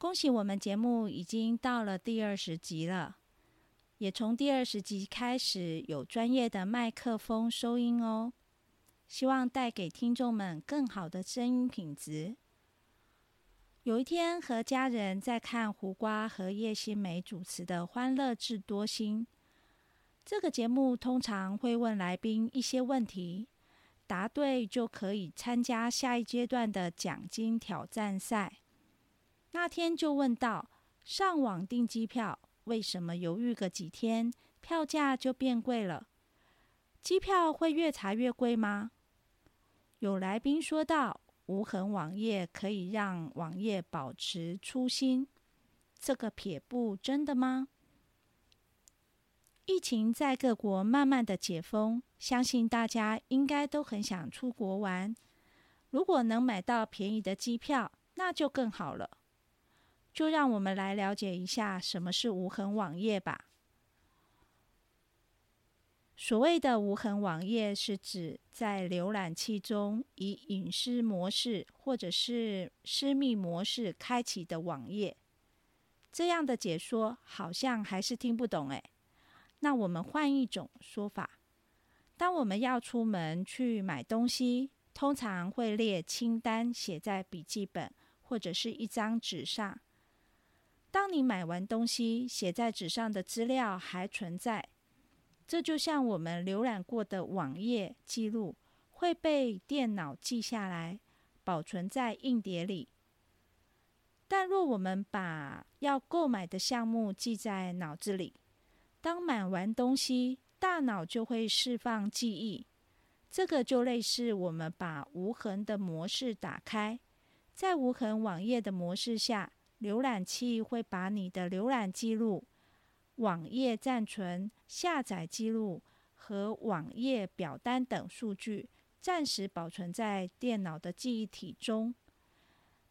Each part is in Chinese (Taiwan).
恭喜我們節目已經到了第二十集了，也從第二十集開始有專業的麥克風收音哦，希望帶給聽眾們更好的聲音品質。有一天和家人在看胡瓜和葉新梅主持的《歡樂智多星》，這個節目通常會問來賓一些問題，答對就可以參加下一階段的獎金挑戰賽。那天就問到：上網訂機票，為什麼猶豫個幾天，票價就變貴了？機票會越查越貴嗎？有來賓說到：無痕網頁可以讓網頁保持初心，這個撇步真的嗎？疫情在各國慢慢的解封，相信大家應該都很想出國玩。如果能買到便宜的機票，那就更好了。就讓我們來了解一下什麼是無痕網頁吧。所謂的無痕網頁是指在瀏覽器中以隱私模式或者是私密模式開啟的網頁。這樣的解說好像還是聽不懂哎。那我們換一種說法：當我們要出門去買東西，通常會列清單寫在筆記本或者是一張紙上。當你買完東西，寫在紙上的資料還存在，這就像我們瀏覽過的網頁記錄會被電腦記下來，保存在硬碟裡。但若我們把要購買的項目記在腦子裡，當買完東西，大腦就會釋放記憶。這個就類似我們把無痕的模式打開，在無痕網頁的模式下。瀏覽器會把你的瀏覽記錄、網頁暫存、下載記錄和網頁表單等數據暫時保存在電腦的記憶體中，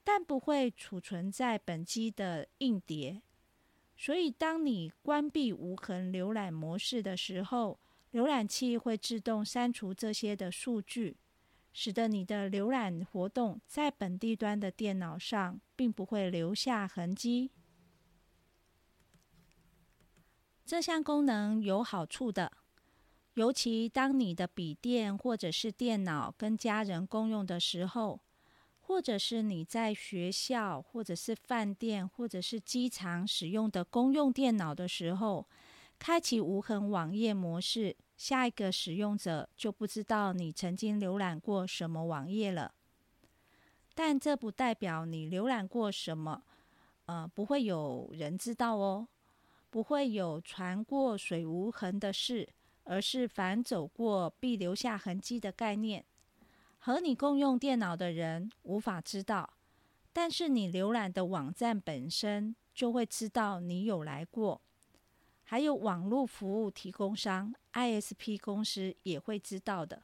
但不會儲存在本機的硬碟。所以，當你關閉無痕瀏覽模式的時候，瀏覽器會自動刪除這些的數據。使得你的瀏覽活動在本地端的電腦上並不會留下痕跡。這項功能有好處的，尤其當你的筆電或者是電腦跟家人共用的時候，或者是你在學校或者是飯店或者是機場使用的公用電腦的時候。開啟無痕網頁模式，下一個使用者就不知道你曾經瀏覽過什麼網頁了。但這不代表你瀏覽過什麼，呃，不會有人知道哦。不會有船過水無痕的事，而是凡走過必留下痕跡的概念。和你共用電腦的人無法知道，但是你瀏覽的網站本身就會知道你有來過。還有網絡服務提供商 ISP 公司也會知道的，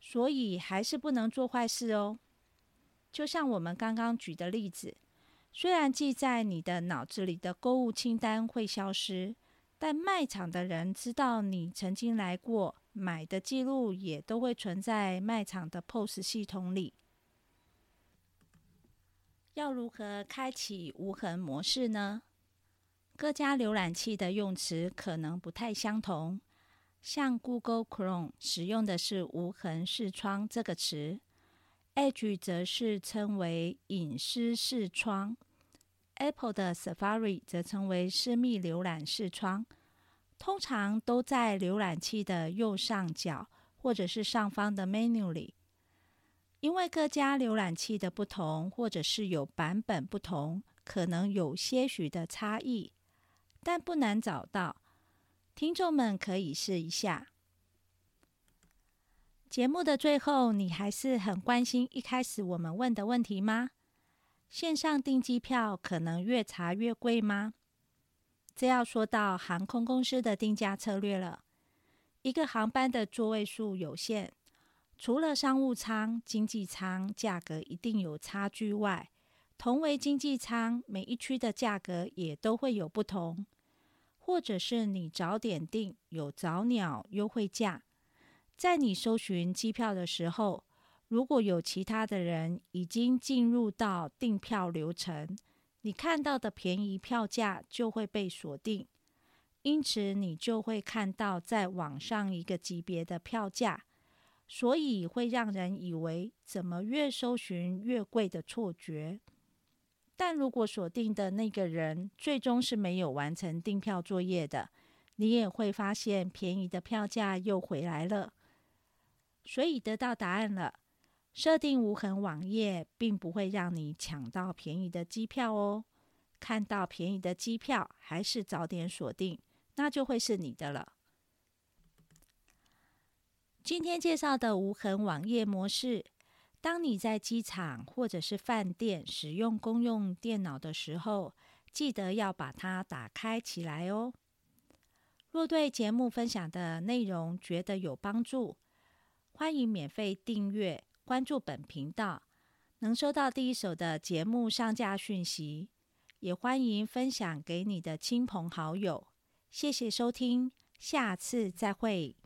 所以還是不能做壞事哦。就像我們剛剛舉的例子，雖然記在你的腦子裡的購物清單會消失，但賣場的人知道你曾經來過，買的記錄也都會存在賣場的 POS 系統裡。要如何開啟無痕模式呢？各家瀏覽器的用詞可能不太相同，像 Google Chrome 使用的是“無痕視窗”這個詞，Edge 則是稱為“隱私視窗 ”，Apple 的 Safari 則稱為“私密瀏覽視窗”。通常都在瀏覽器的右上角或者是上方的 menu 裡。因為各家瀏覽器的不同，或者是有版本不同，可能有些許的差異。但不難找到，聽眾們可以試一下。節目的最後，你還是很關心一開始我們問的問題嗎？線上訂機票可能越查越貴嗎？這要說到航空公司的定價策略了。一個航班的座位數有限，除了商務艙、經濟艙價格一定有差距外，同為經濟艙，每一區的價格也都會有不同。或者是你早點訂有早鳥優惠價，在你搜尋機票的時候，如果有其他的人已經進入到訂票流程，你看到的便宜票價就會被鎖定，因此你就會看到在網上一個級別的票價，所以會讓人以為怎麼越搜尋越貴的錯覺。但如果鎖定的那個人最終是沒有完成訂票作業的，你也會發現便宜的票價又回來了。所以得到答案了，設定無痕網頁並不會讓你搶到便宜的機票哦。看到便宜的機票，還是早點鎖定，那就會是你的了。今天介紹的無痕網頁模式，當你在機場或者是飯店使用公用電腦的時候，記得要把它打開起來哦。若對節目分享的內容覺得有幫助，歡迎免費訂閱關注本頻道，能收到第一手的節目上架訊息，也歡迎分享給你的親朋好友。謝謝收聽，下次再會。